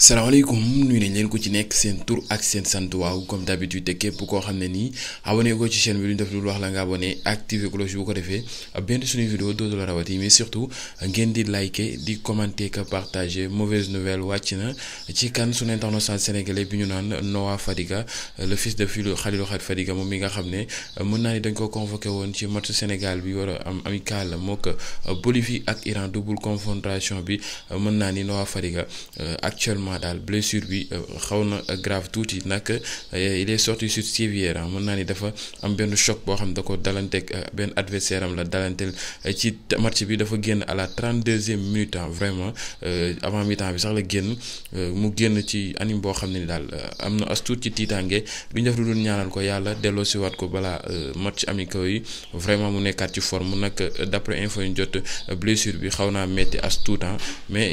salaamaaleykum nuyu nañ leen ko ci nekk seen tur ak seen sant waaw comme d'habitude te képp koo xam ne nii abonné ko ci chaîne bi lu ñu def lu wax la nga abonné activé cloche bu ko defee benn suñu vidéo dootu la rawati mais surtout ngeen di liker di commenter que partager mauvaise nouvelle wàcc na ci kan suñu international sénégalais bi ñu naan Noah Fadiga le fils de Philou Khalilou Khalid Fadiga moom mi nga xam ne mën naa ni dañ ko convoqué woon ci match Sénégal bi war a am amical mook Bolivie ak Iran double confrontation bi mën naa ni Noah Fadiga euh, actuellement. vraiment daal blessure bi euh, xaw na grave tuuti nag euh, il est sorti sur civière ah. mën naa ni dafa am benn choc boo xam da ko dalanteeg euh, benn adversaire am la dalanteel ci match bi dafa génn à la trente deuxième minute ah, vraiment avant mi-temps bi sax la génn mu génn ci anime boo xam ne daal am na as tuut ci tiitaange lu ñu lu dul ñaanal ko yàlla delloo siwaat ko balaa match amicaux yi vraiment mu nekkaat ci forme nag d'après info ñu jot blessure bi xaw naa metti as tuutan ah. mais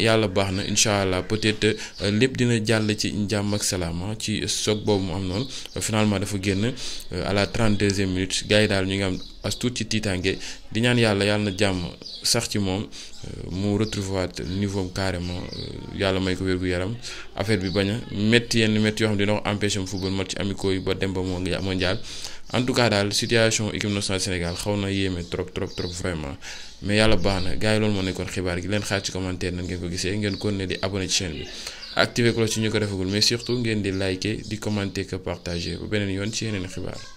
lépp dina jàll ci jàmm ak salaama ah, ci soog boobu mu am noonu finalement dafa génn euh, à la 32e minute gars daal ñu ngi am. as tuut ci tiitaange di ñaan yàlla yàlla na jàmm sax ci moom euh, mu retrouver niveau carrément euh, yàlla may ko wér-gu-yaram affaire bi bañ a métti yenn métti yoo xam ne dina ko empêché mu football match amicaux yi ba dem ba mondial en tout daal situation équipe nationale Sénégal xaw na yéeme trop trop trop vraiment mais yàlla baax na gars yi loolu moo nekkoon xibaar gi leen xaar ci commentaire nan ngeen ko gisee ngeen kon ne di abonné ci bi activer cloche ci ñu ko defagul mais surtout ngeen di liker di commenter que partager yoon ci yeneen xibaar